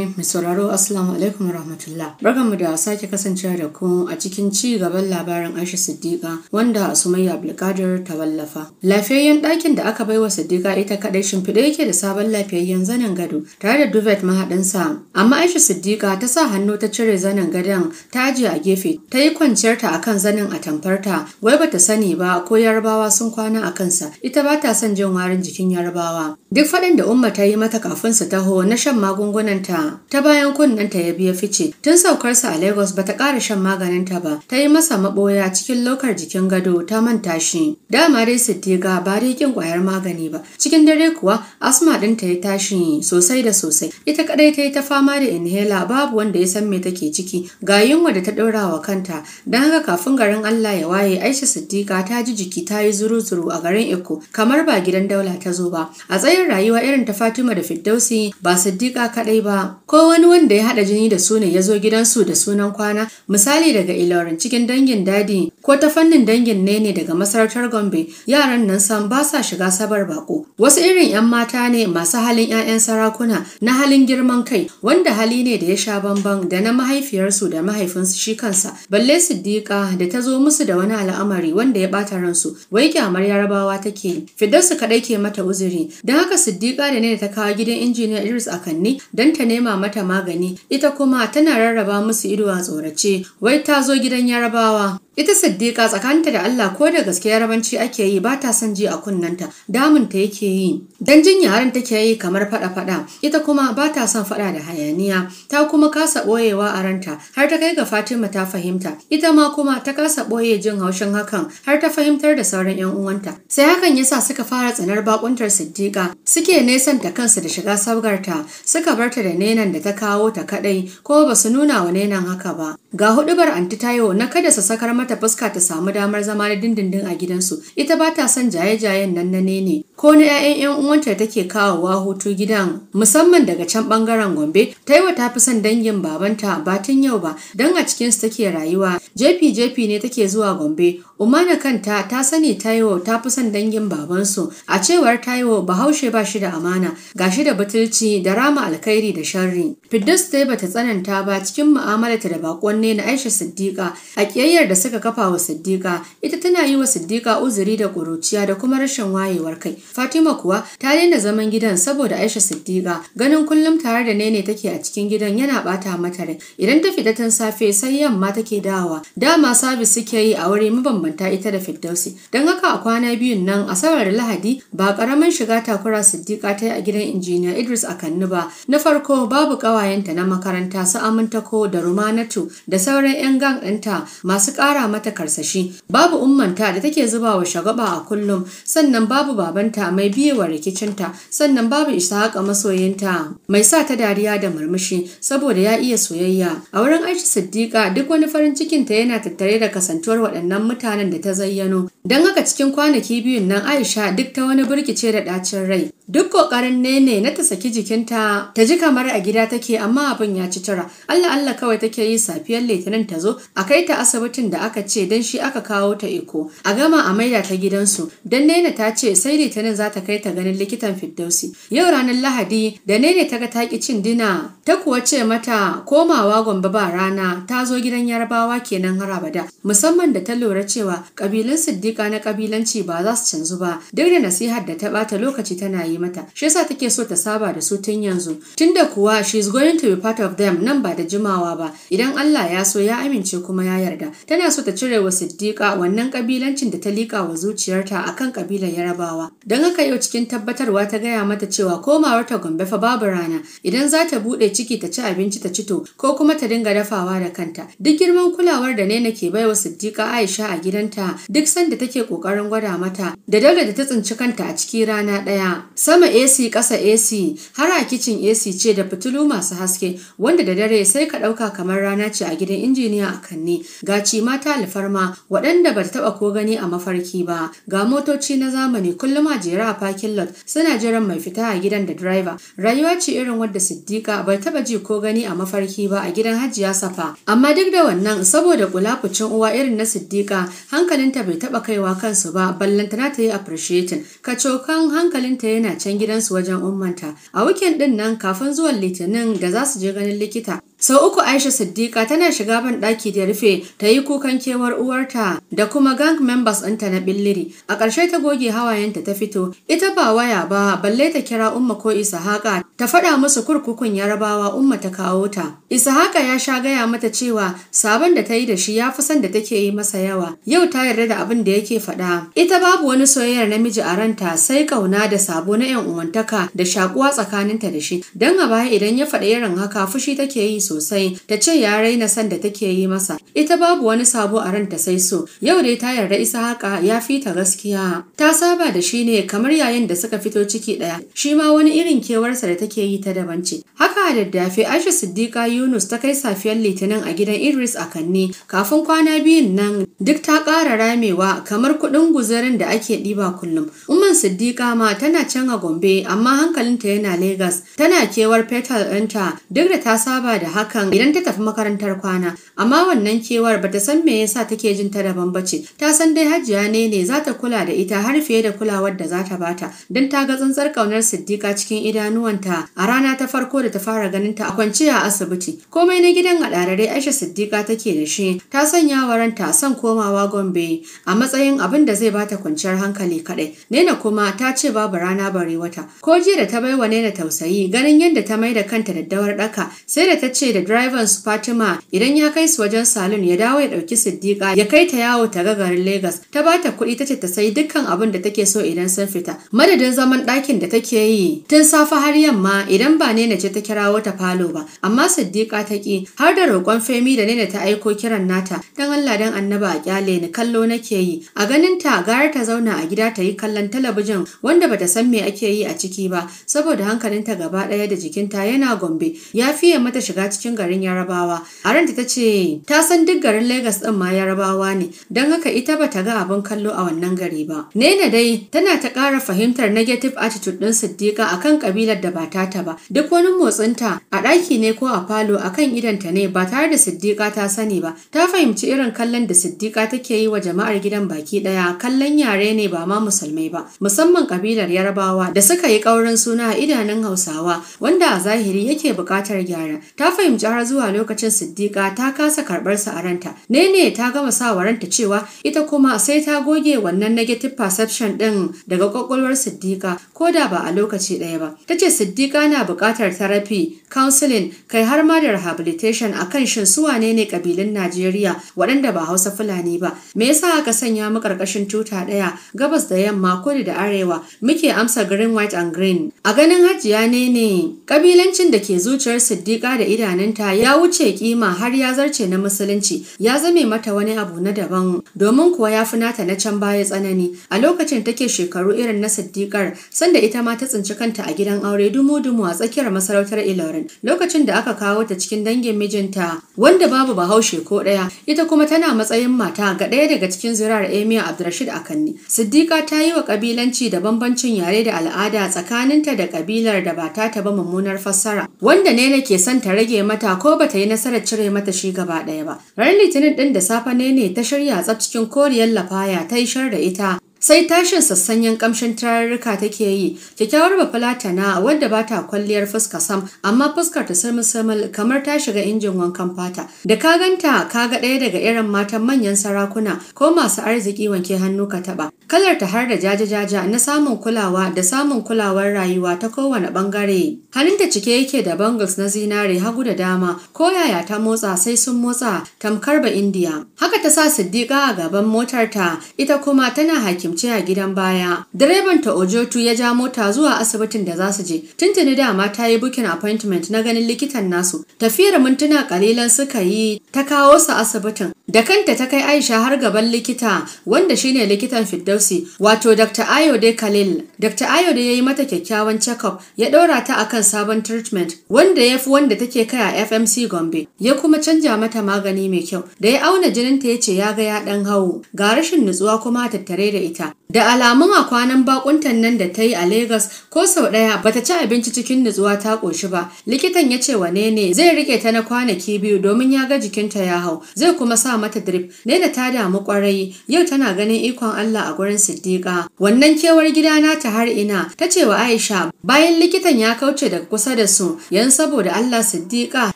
Ibrahim Mai sauraro Assalamu alaikum wa rahmatullah. Barkanmu da sake kasancewa da ku a cikin ci gaban labarin Aisha Siddiqa wanda Sumayya Abdulkadir ta wallafa. Lafiyayyen ɗakin da aka baiwa Siddiqa ita kaɗai shimfiɗe yake da sabon lafiyayyen zanen gado tare da duvet mahaɗinsa. Amma Aisha Siddiqa ta sa hannu ta cire zanen gadon ta ajiye a gefe ta yi kwanciyar ta akan zanen a tamfarta wai bata sani ba ko Yarbawa sun kwana a kansa ita ba ta son jin warin jikin Yarbawa. Duk faɗin da Umma ta yi mata kafin su taho na shan magungunan ta. ta bayan kunnen ta ya biya fice tun saukarsa a Lagos bata ƙara shan maganinta ba ta yi masa maɓoya cikin lokar jikin gado ta manta shi dama dai Siddiga ba dai ƙin ƙwayar magani ba cikin dare kuwa asma ɗinta ya tashi sosai da sosai ita kadai ta yi ta fama da inhaler babu wanda ya san me take ciki ga yunwa da ta ɗora wa kanta don haka kafin garin Allah ya waye Aisha Siddiga ta ji jiki ta yi zuru-zuru a garin Eko kamar ba gidan daula ta zo ba a tsayin rayuwa irin ta Fatima da Firdausi ba Siddiga kadai ba ko wani wanda ya haɗa jini da su ne ya zo gidansu da sunan kwana misali daga ilorin cikin dangin dadi Ko ta fannin dangin ne ne daga masarautar Gombe yaran nan san ba sa shiga sabar bako. Wasu irin 'yan mata ne masu halin 'ya'yan sarakuna na halin girman kai wanda hali ne da ya sha bamban da na mahaifiyarsu da mahaifinsu shi kansa. Balle Siddiqa da ta zo musu da wani al'amari wanda ya bata ransu wai kyamar Yarabawa take Fidarsu kaɗai ke mata uzuri. Don haka Siddiqa da ne ta kawo gidan injiniyar Idris Akanni don ta nema mata magani ita kuma tana rarraba musu ido a tsorace wai ta zo gidan Yarabawa. Ita siddika tsakaninta da Allah ko da gaske yarabanci ake yi ba ta son ji a kunnanta, ta yake yi. Dan jin yaran take yi kamar fada fada ita kuma ba ta son fada da hayaniya, ta kuma kasa boyewa a ranta har ta kai ga Fatima ta fahimta. Ita ma kuma ta kasa ɓoye jin haushin hakan har ta fahimtar da sauran 'yan uwanta. Sai hakan yasa suka fara tsanar bakuntar Siddiƙa, suke nesan ta kansu da shiga sabgarta, suka barta da nenan da ta kawo ta kaɗai ko ba su nuna wa nenan haka ba. Ga huɗubar anti Tayo na kada sa sakar mata fuska ta samu damar zama da dindindin a gidansu. Ita ba ta son jaye-jayen nan na nene. Ko na 'ya'yan 'yan uwanta take kawowa hutu gidan musamman daga can bangaren Gombe. Taiwo ta fi son dangin babanta ba tun yau ba don a cikinsu take rayuwa. Jefi-jefi ne take zuwa Gombe Umana kanta ta sani Taiwo ta fi son dangin babansu. A cewar Taiwo Bahaushe ba shi da amana, Ga shi da butulci da rama alkhairi da sharri. Fiddus dai bata tsananta ba cikin mu'amalarta da bakon na Aisha Siddiqa a ƙiyayyar da suka kafa wa Siddiqa. Ita tana yi wa Siddiqa uzuri da ƙuruciya da kuma rashin wayewar kai. Fatima kuwa ta daina zaman gidan saboda Aisha Siddiqa ganin kullum tare da Nene take a cikin gidan yana bata mata rai. Idan ta fita tun safe sai yamma take dawowa Dama sabis suke yi a wuri mabambanta zumunta ita da Firdausi. Don haka a kwana biyun nan a sabar Lahadi ba karamin shiga takura Siddiqa ta yi a gidan injiniya Idris a kannu ba. Na farko babu ƙawayenta na makaranta su Amintako da Rumanatu da sauran 'yan gang ɗinta masu ƙara mata karsashi. Babu ummanta da take zuba wa shagaba a kullum sannan babu babanta mai biye wa rikicinta sannan babu Ishaqa masoyinta mai sa ta dariya da murmushi saboda ya iya soyayya. A wurin Aisha Siddiqa duk wani farin cikinta yana tattare da kasantuwar waɗannan mutane halin da ta zayyano. Don haka cikin kwanaki biyun nan Aisha duk ta wani burkice da ɗacin rai. Duk ƙoƙarin nene na ta saki jikinta ta ji kamar a gida take amma abin ya ci tura. Allah Allah kawai take yi safiyar Litinin ta zo a kai ta asibitin da aka ce don shi aka kawo ta iko. A gama a maida ta gidansu don nene ta ce sai Litinin za ta kai ta ganin likitan Fiddausi. Yau ranar Lahadi da nene ta ga ta ki cin dina ta kuwa ce mata komawa Gombe ba rana ta zo gidan Yarabawa kenan har abada musamman da ta lura cewa cewa kabilan Siddiqa na kabilanci ba za su canzu ba duk da nasihar da ta bata lokaci tana yi mata shi yasa take so ta saba da su tun yanzu tunda kuwa she is going to be part of them nan ba da jimawa ba idan Allah ya so ya amince kuma ya yarda tana so ta cire wa Siddiqa wannan kabilancin da ta lika wa zuciyarta akan kabilar Yarabawa don haka yau cikin tabbatarwa ta gaya mata cewa komawar ta Gombe fa babu rana idan za ta bude ciki ta ci abinci ta cito ko kuma ta dinga dafawa da kanta duk girman kulawar da ne nake baiwa Siddiqa Aisha a gidan gidanta duk sanda take kokarin gwada mata da dare da ta tsinci kanta a cikin rana ɗaya sama AC kasa AC har a kicin AC ce da fitilu masu haske wanda da dare sai ka ɗauka kamar rana ce a gidan injiniya a kanne ga ci mata alfarma waɗanda ba ta taɓa ko gani a mafarki ba ga motoci na zamani kullum a jera a parking lot suna jiran mai fita a gidan da driver rayuwa ce irin wadda Siddiqa bai taɓa ji ko gani a mafarki ba a gidan Hajiya Safa amma duk da wannan saboda kula uwa irin na Siddiqa hankalinta bai taɓa kaiwa kansu ba ballantana ta yi appreciating kacokan hankalinta yana can gidansu wajen ummanta a weekend din nan kafin zuwan litinin da za su je ganin likita Sau uku Aisha Siddiqa tana shiga ban ɗaki da rufe ta yi kukan kewar uwarta da kuma gang members ɗinta na billiri. A ƙarshe ta goge hawayenta ta fito. Ita ba waya ba balle ta kira Umma ko Isahaka ta faɗa musu kurkukun Yarabawa Umma ta kawo ta. Isahaka ya sha gaya mata cewa sabon da ta yi da shi ya fi son da take yi masa yawa. Yau ta yarda da abin da yake faɗa. Ita babu wani soyayyar namiji a ranta sai ƙauna da sabo na 'yan uwantaka da shakuwa tsakaninta da shi. Don a baya idan ya faɗa irin haka fushi take yi sosai ta ce ya raina san da take yi masa ita babu wani sabo a ranta sai so yau dai ta yarda isa haka ya fi ta gaskiya ta saba da shi ne kamar yayin da suka fito ciki ɗaya shi ma wani irin kewarsa da take yi ta daban ce haka da dafe Aisha Siddiqa Yunus ta kai safiyar Litinin a gidan Idris a Kanne kafin kwana biyun nan duk ta ƙara ramewa kamar kuɗin guzarin da ake ɗiba kullum Umman Siddiqa ma tana can a Gombe amma hankalinta yana Legas tana kewar petal ɗinta duk da ta saba da hakan idan ta tafi makarantar kwana amma wannan kewar bata san me yasa take jin ta daban bace ta san dai hajiya ne ne za ta kula da ita har fiye da kulawar da za ta bata don ta ga tsantsar kaunar Siddiqa cikin idanuwanta a rana ta farko da ta fara ganin ta a kwanciya a asibiti komai na gidan a ɗarare Aisha Siddiqa take da shi ta sanya wa ranta son komawa Gombe a matsayin abin da zai bata kwanciyar hankali kaɗai Nena kuma ta ce babu rana bare wata ko jiya da ta baiwa Nena tausayi ganin yadda ta mai da kanta daddawar ɗaka sai da ta ce da direban su Fatima idan ya kai su wajen salon ya dawo ya ɗauki Siddiqa ya kai ta yawo ta ga garin Legas. Ta ba ta kuɗi ta ce ta sayi dukkan abin da take so idan sun fita. Madadin zaman ɗakin da take yi tun safe har yamma idan ba na ce ta kirawo ta falo ba. Amma Siddiqa ta ki har da roƙon Femi da Nene ta aiko kiran nata dan Allah dan Annaba a kyale ni kallo nake yi. A ganin ta gara ta zauna a gida ta yi kallon talabijin wanda bata san me ake yi a ciki ba saboda hankalinta gaba ɗaya da jikinta yana gombe ya fiye mata shiga cikin cikin garin Yarabawa. Aranta ta ce ta san duk garin Legas ɗin ma Yarabawa ne, don haka ita ba ta ga abin kallo a wannan gari ba. Nena dai tana ta ƙara fahimtar negative attitude ɗin Siddiƙa akan kabilar da ba ta ta ba. Duk wani motsinta a ɗaki ne ko a falo akan idanta ne ba tare da Siddiƙa ta sani ba. Ta fahimci irin kallon da Siddiƙa take yi wa jama'ar gidan baki ɗaya kallon yare ne ba ma musulmai ba, musamman kabilar Yarabawa da suka yi ƙaurin suna a idanun Hausawa wanda a zahiri yake buƙatar gyara. Ta fahimci fahimci jihar zuwa lokacin siddiƙa ta kasa karɓar sa a ranta ne ne ta gama sa wa ranta cewa ita kuma sai ta goge wannan negative perception ɗin daga kwakwalwar siddiƙa ko da ba a lokaci ɗaya ba ta ce siddiƙa na buƙatar therapy counseling kai har ma da rehabilitation a kan shin su wane ne ƙabilun najeriya waɗanda ba hausa fulani ba me yasa aka sanya mu ƙarƙashin tuta ɗaya gabas da yamma kudu da arewa muke amsa green white and green a ganin hajiya ne ne ƙabilancin da ke zuciyar siddiƙa da ida tunaninta ya wuce kima har ya zarce na musulunci ya zame mata wani abu na daban domin kuwa ya fi nata na can baya tsanani a lokacin take shekaru irin na siddiƙar sanda ita ma ta tsinci kanta a gidan aure dumu-dumu a tsakiyar masarautar ilorin lokacin da aka kawo ta cikin dangin mijinta wanda babu bahaushe ko ɗaya ita kuma tana matsayin mata ga ɗaya daga cikin zirar emir a kanne siddiƙa ta yi wa ƙabilanci da bambancin yare da al'ada tsakaninta da ƙabilar da ba ta ba mummunar fassara wanda ne ke son ta rage mata ko bata yi nasarar cire mata shi gaba ɗaya ba. Ran Litinin ɗin da safe ne ne ta shirya tsaf cikin koriyar lafaya ta yi shar da ita sai tashin sassanyen kamshin tararruka take yi kyakkyawar na wadda ba ta kwalliyar fuska sam amma fuskar ta sirmil kamar ta shiga injin wankan fata da ka ganta ka ga ɗaya daga irin matan manyan sarakuna ko masu arziki wanke hannu ka taɓa kalar ta har da jaja-jaja na samun kulawa da samun kulawar rayuwa ta kowane ɓangare ta cike yake da bangles na zinare hagu da dama ko yaya ta motsa sai sun motsa tamkar ba indiya haka ta sa siddiƙa a gaban motarta, ita kuma tana hakim sumbance a gidan baya. Direban ta Ojotu ya ja mota zuwa asibitin da za su je. Tuntuni dama ta yi bukin appointment na ganin likitan nasu. Tafiyar mintuna kalilan suka yi ta kawo su asibitin. Da kanta ta kai Aisha har gaban likita wanda shine likitan Firdausi wato Dr. Ayode Khalil. Dr. Ayode ya yi mata kyakkyawan check ya ɗora ta akan sabon treatment wanda ya fi wanda take kai a FMC Gombe. Ya kuma canja mata magani mai kyau da ya auna jininta ya ce ya ga ya ɗan hawo ga rashin nutsuwa kuma tattare da ita. Da alamun a kwanan bakuntan nan da ta yi a Legas ko sau ɗaya ta ci abinci cikin nutsuwa ta ƙoshi ba. Likitan ya ce wane ne zai rike ta na kwanaki biyu domin ya ga jikinta ya hau zai kuma sa mata drip. Ne da ta damu kwarai yau tana ganin ikon Allah a gurin Siddiƙa. Wannan kewar gida ta har ina ta ce wa Aisha bayan likitan ya kauce daga kusa da su yan saboda Allah siddiƙa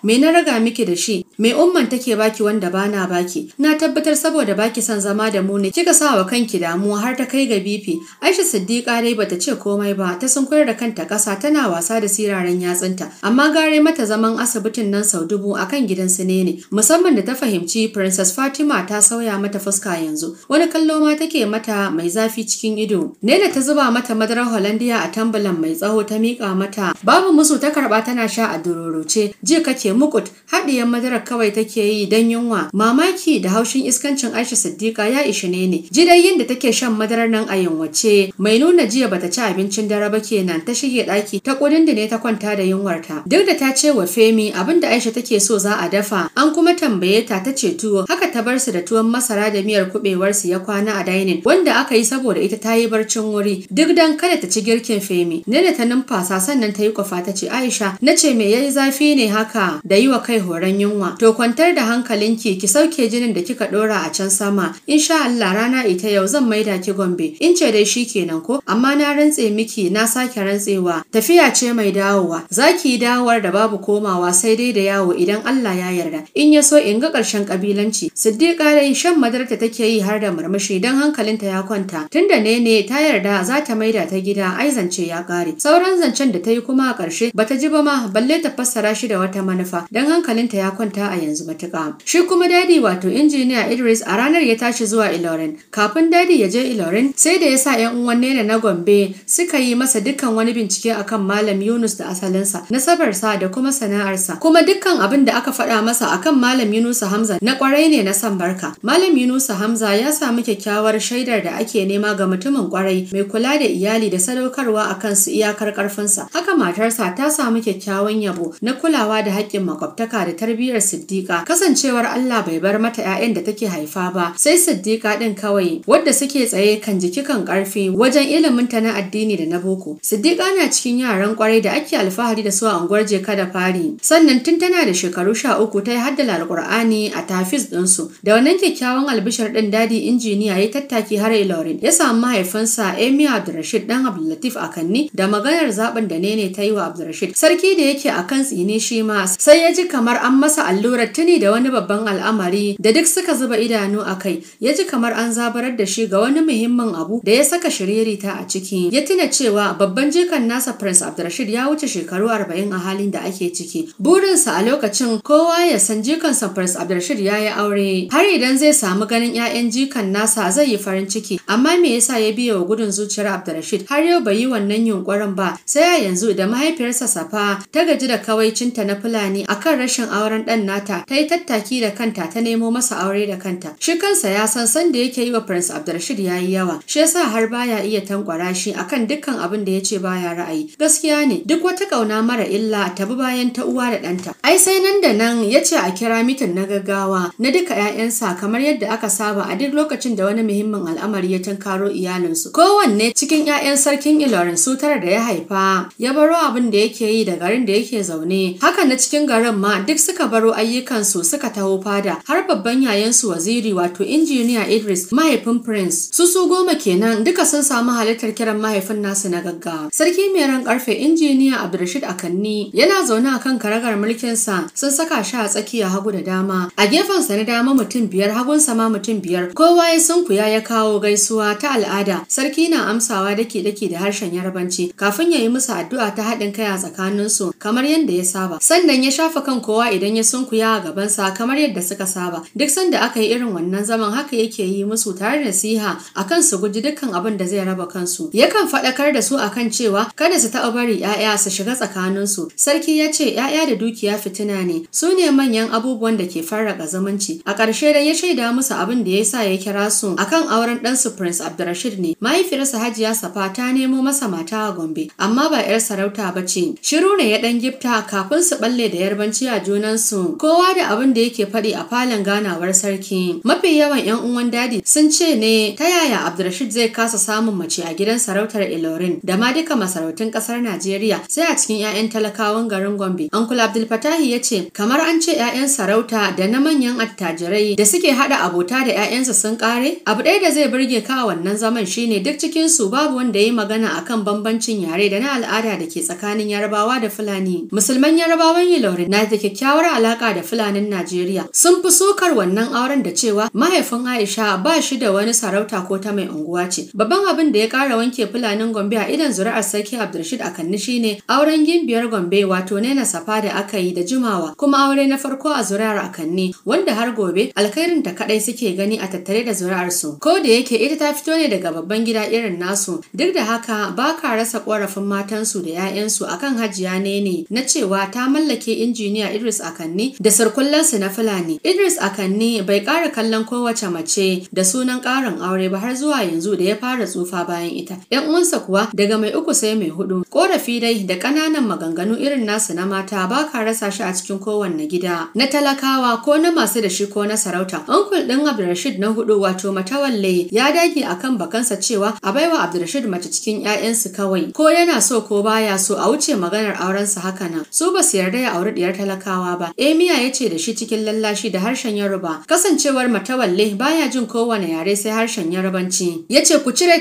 me na raga miki da shi me umman take baki wanda bana baki na tabbatar saboda baki son zama da mu ne kika sa wa kanki damuwa har ta kai ga bifi aisha siddiqa dai bata ce komai ba ta sun koyar da kanta ƙasa tana wasa da siraren yatsunta amma gare mata zaman asibitin nan sau dubu akan gidan su ne ne. musamman da ta fahimci princess fatima ta sauya mata fuska yanzu wani kallo ma take mata mai zafi cikin ido nena ta zuba mata madarar hollandiya a tambulan mai tsawo ta miƙa mata babu musu ta karɓa tana sha a dururuce ji kake mukut haɗiyan madarar kawai take yi don yunwa mamaki da haushin iskancin aisha siddiqa ya ishe ne ji dai yin da take shan madarar nan a yunwace mai nuna jiya bata ci abincin dare ba kenan ta shige daki. ta kudin da ne ta kwanta da yunwarta duk da ta ce wa Femi abinda da Aisha take so za a dafa an kuma tambaye ta ta ce tuwo haka ta bar su da tuwon masara da miyar kubewar su ya kwana a dining wanda aka yi saboda ita ta yi barcin wuri duk dan kada ta ci girkin Femi Nene ta numfasa sannan ta yi kwafa ta ce Aisha na ce me yayi zafi ne haka da yi wa kai horon yunwa to kwantar da hankalinki ki sauke jinin da kika dora a can sama insha Allah rana ita yau zan maida ki Gombe gobe in ce dai shi kenan ko amma na rantse miki na sake rantsewa tafiya ce mai dawowa zaki yi dawowar da babu komawa sai dai da yawo idan Allah ya yarda in ya so in ga ƙarshen kabilanci siddiqa dai shan madarta take yi har da murmushi dan hankalinta ya kwanta tunda ne ne ta yarda za ta maida ta gida ai zance ya kare sauran zancen da ta yi kuma a ƙarshe bata ji ba ma balle ta fassara shi da wata manufa dan hankalinta ya kwanta a yanzu matuƙa shi kuma dadi wato injiniya Idris a ranar ya tashi zuwa Ilorin kafin dadi ya je Ilorin sai da ya sa 'yan uwan na Gombe suka yi masa dukkan wani bincike akan Malam Yunus da asalinsa, nasabarsa da kuma sana'arsa. Kuma dukkan abin da aka faɗa masa akan Malam Yunus Hamza na kwarai ne na san barka. Malam Yunus Hamza ya samu kyakkyawar shaidar da ake nema ga mutumin kwarai mai kula da iyali da sadaukarwa a kan su iyakar karfinsa. Haka matarsa ta samu kyakkyawan yabo na kulawa da haƙƙin makwabtaka da tarbiyyar Siddiƙa. Kasancewar Allah bai bar mata 'ya'yan da take haifa ba, sai Siddiƙa ɗin kawai wadda suke tsaye kan Jikikan kan karfi wajen ilimin ta na addini da na boko. Siddiqa na cikin yaran kwarai da ake alfahari da su a unguwar Jeka da fari. Sannan tun tana da shekaru sha uku ta yi haddala Alƙur'ani a tafis ɗinsu. Da wannan kyakkyawan albishar ɗin dadi injiniya ya tattaki har Ilorin. Ya samu mahaifinsa Emi Abdulrashid ɗan Abdullatif a Kanni da maganar zaɓin da Nene ta yi wa Abdulrashid. Sarki da yake a kan tsini shi ma sai ya ji kamar an masa allurar tuni da wani babban al'amari da duk suka zuba idanu a kai. Ya ji kamar an zabarar da shi ga wani muhimmin muhimmin abu da ya saka shiririta a ciki ya tuna cewa babban jikan nasa prince abdulrashid ya wuce shekaru arba'in a halin da ake ciki burinsa a lokacin kowa ya san jikansa prince abdurrashid ya yi aure har idan zai samu ganin 'ya'yan jikan nasa zai yi farin ciki amma me yasa ya biya wa gudun zuciyar abdurrashid har yau bai yi wannan yunkurin ba sai a yanzu da mahaifiyarsa safa ta gaji da kawaicinta na fulani akan rashin auren ɗan nata ta yi tattaki da kanta ta nemo masa aure da kanta shi kansa ya san san da yake yi wa prince abdurrashid ya yi yawa yawa shi yasa har baya iya tankwara shi akan dukkan abin da yace baya ra'ayi gaskiya ne duk wata kauna mara illa ta bi bayan ta uwa da ɗanta ai sai nan da nan ya ce a kira mitin na gaggawa na duka 'ya'yansa kamar yadda aka saba a duk lokacin da wani muhimmin al'amari ya tunkaro iyalinsu kowanne cikin 'ya'yan sarkin ilorin su tara da ya haifa ya baro abin da yake yi da garin da yake zaune haka na cikin garin ma duk suka baro ayyukansu suka taho fada har babban yayansu waziri wato injiniya idris mahaifin prince su su goma goma kenan duka sun samu halittar kiran mahaifin nasu na gaggawa. Sarki mai ran karfe injiniya Abdulrashid Akanni yana zaune a kan karagar mulkin sa sun saka shi a tsakiya hagu da dama. A gefen sa na dama mutum biyar hagunsa ma mutum biyar kowa ya kuya ya kawo gaisuwa ta al'ada. Sarki na amsawa dake-dake da harshen yarbanci kafin ya yi musu addu'a ta haɗin kai a su kamar yadda ya saba. Sannan ya shafa kan kowa idan ya kuya a sa kamar yadda suka saba. Duk sanda aka yi irin wannan zaman haka yake yi musu tare da nasiha akan su su guji dukkan abin da zai raba kansu yakan faɗakar da su akan cewa kada su taɓa bari 'ya'ya su shiga tsakaninsu sarki ya ce 'ya'ya da dukiya fitina ne su ne manyan abubuwan da ke farraka zumunci a ƙarshe dai ya shaida musu abin da ya sa ya kira su akan auren ɗansu prince abdurrashid ne mahaifiyarsa hajiya safa ta nemo masa mata a gombe amma ba 'yar sarauta ba ce shiru ne ya ɗan gifta kafin su balle da yarbanci a junansu kowa da abin da yake faɗi a falon ganawar sarki mafi yawan 'yan uwan dadi sun ce ne ta yaya abd Abdulrashid zai kasa samun mace a gidan sarautar Ilorin da ma duka masarautun kasar Najeriya sai a cikin 'ya'yan talakawan garin Gombe. Uncle Abdul Fatahi ya ce kamar an ce 'ya'yan sarauta da na manyan attajirai da suke haɗa abota da 'ya'yansa sun kare abu ɗaya da zai burge ka wannan zaman shine duk cikin su babu wanda ya yi magana akan bambancin yare da na al'ada da ke tsakanin Yarabawa da Fulani. Musulman Yarabawan Ilorin na da kyakkyawar alaka da Fulanin Najeriya sun fi sukar wannan auren da cewa mahaifin Aisha ba shi da wani sarauta ko ta mai unguwa ce. Babban abin da ya kara wanke Fulanin Gombe a idan zuri'ar Sarki Abdulrashid Akanni shine auren gimbiyar Gombe wato Nena Safa da aka yi da jimawa kuma aure na farko a zuri'ar Akanni wanda har gobe alkhairin ta kadai suke gani a tattare da zuri'ar su. Ko da yake ita ta fito ne daga babban gida irin nasu duk da haka ba ka rasa korafin matansu da 'ya'yansu akan hajiya ne ne na cewa ta mallake injiniya Idris a Akanni da surkullansu na Fulani. Idris a Akanni bai ƙara kallon kowace mace da sunan ƙarin aure ba har zuwa yanzu da ya fara tsufa bayan ita. ‘Yan uwansa kuwa daga mai uku sai mai hudu. Korafi dai da ƙananan maganganu irin nasu na mata ba ka rasa shi a cikin kowanne gida. Na talakawa ko na masu da shi ko na sarauta. Uncle ɗin Abdulrashid na hudu wato matawalle ya dage akan bakansa cewa a baiwa Abdulrashid mace cikin ‘ya'yansu kawai. Ko yana so ko baya so a wuce maganar aurensa haka nan. Su ba su yarda ya auri diyar talakawa ba. Emiya ya ce da shi cikin lallashi da harshen Yoruba. Kasancewar matawalle baya jin kowane yare sai harshen Yarubanci. ya ce ku cire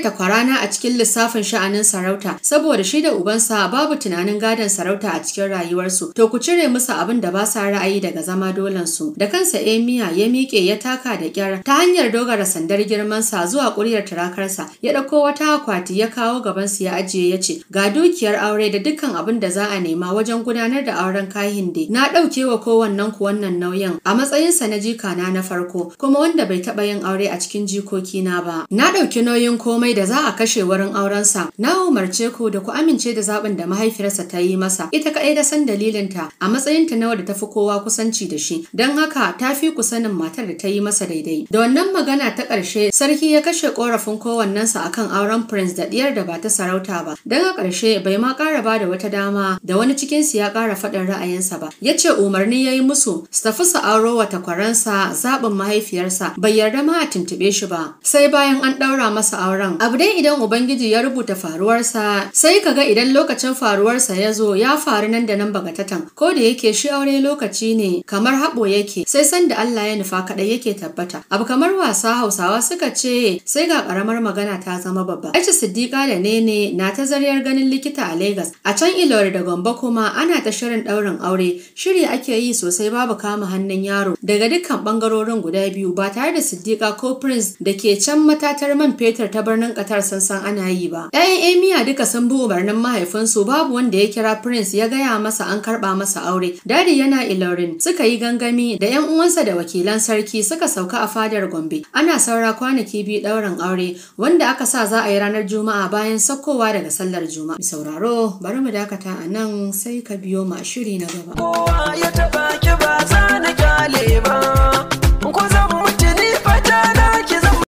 na a cikin lissafin sha'anin sarauta saboda shi da ubansa babu tunanin gadon sarauta a cikin rayuwarsu to ku cire musu abin da ba sa ra'ayi daga zama dolan su da kansa emiya ya miƙe ya taka da kyar ta hanyar dogara sandar girmansa zuwa ƙuryar turakarsa ya ɗauko wata akwati ya kawo gaban su ya ajiye ya ce ga dukiyar aure da dukkan abin da za a nema wajen gudanar da auren kahin de na ɗauke wa kowannen ku wannan nauyin a matsayinsa na jikana na farko kuma wanda bai taɓa yin aure a cikin jikokina ba na ɗauki nauyin komai da za a kashe wurin aurensa. Na umarce ku da ku amince da zaɓin da mahaifiyarsa ta yi masa. Ita kaɗai da san dalilinta a matsayinta na wadda ta fi kowa kusanci da shi. Don haka ta fi ku sanin matar da ta yi masa daidai. Da wannan magana ta ƙarshe sarki ya kashe ƙorafin kowannensa a kan auren prince da ɗiyar da ba ta sarauta ba. Don a ƙarshe bai ma ƙara ba da wata dama da wani cikinsu ya ƙara faɗin ra'ayinsa ba. Ya ce umarni ya yi musu su tafi su auro wa takwaransa zaɓin mahaifiyarsa bai yarda ma a tuntuɓe shi ba. Sai bayan an ɗaura masa auren. Abu dai idan Ubangiji ya rubuta faruwarsa sai kaga idan lokacin faruwarsa ya zo ya faru nan da nan bagatatan ko da yake shi aure lokaci ne kamar haɓo yake sai sanda Allah ya nufa kaɗai yake tabbata. Abu kamar wasa Hausawa suka ce sai ga ƙaramar magana ta zama babba. Aisha Siddiƙa da Nene na ta zaryar ganin likita a Legas. A can Ilori da Gombe kuma ana ta shirin ɗaurin aure. Shiri ake yi sosai babu kama hannun yaro daga dukkan ɓangarorin guda biyu ba tare da Siddiƙa ko Prince da ke can matatar matatar man fetur ta birnin ƙatar sun san ana yi ba. 'Ya'yan Emiya duka sun bi umarnin mahaifinsu babu wanda ya kira Prince ya gaya masa an karɓa masa aure. Dadi yana Ilorin suka yi gangami da 'yan uwansa da wakilan sarki suka sauka a fadar Gombe. Ana saura kwanaki biyu ɗaurin aure wanda aka sa za a yi ranar Juma'a bayan sakkowa daga sallar Juma'a. Sauraro bari mu dakata a nan sai ka biyo ma shiri na gaba. Kowa ya taɓa ki ba za na kyale ba.